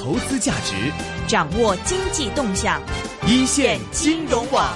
投資價值，掌握經濟動向，一線金融網。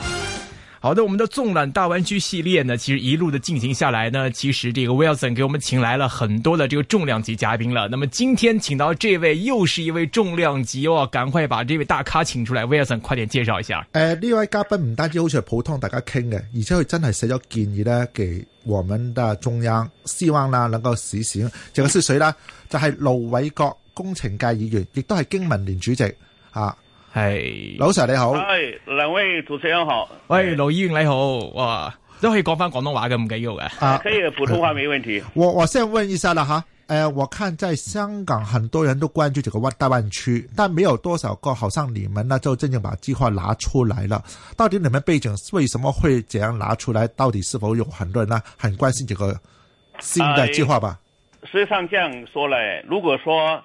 好的，我們的縱覽大灣區系列呢，其實一路的進行下來呢，其實這個 Wilson 給我們請來了很多的這個重量級嘉賓了。那麼今天請到這位又是一位重量級哦，我趕快把這位大咖請出來，Wilson 快點介紹一下。呃，呢位嘉賓唔單止好似係普通大家傾嘅，而且佢真係寫咗建議呢，給我們的中央，希望呢能夠實行。這個是誰呢？ 就係盧偉國。工程界議員，亦都係經民聯主席，吓、啊、係，盧 Hey, Sir 你好，喂，兩位主持人好，喂，盧議員你好，哇，都可以講翻廣東話嘅，唔緊要噶，啊，可以, uh, 可以普通話沒問題。我我先問一下啦，吓，誒，我看在香港很多人都關注這個大灣區，但沒有多少個，好像你們呢就真正把計劃拿出來了。到底你們背景為什麼會這樣拿出來？到底是否有很多人呢很關心這個新的計劃吧？Hey, 實際上這樣說嘞，如果說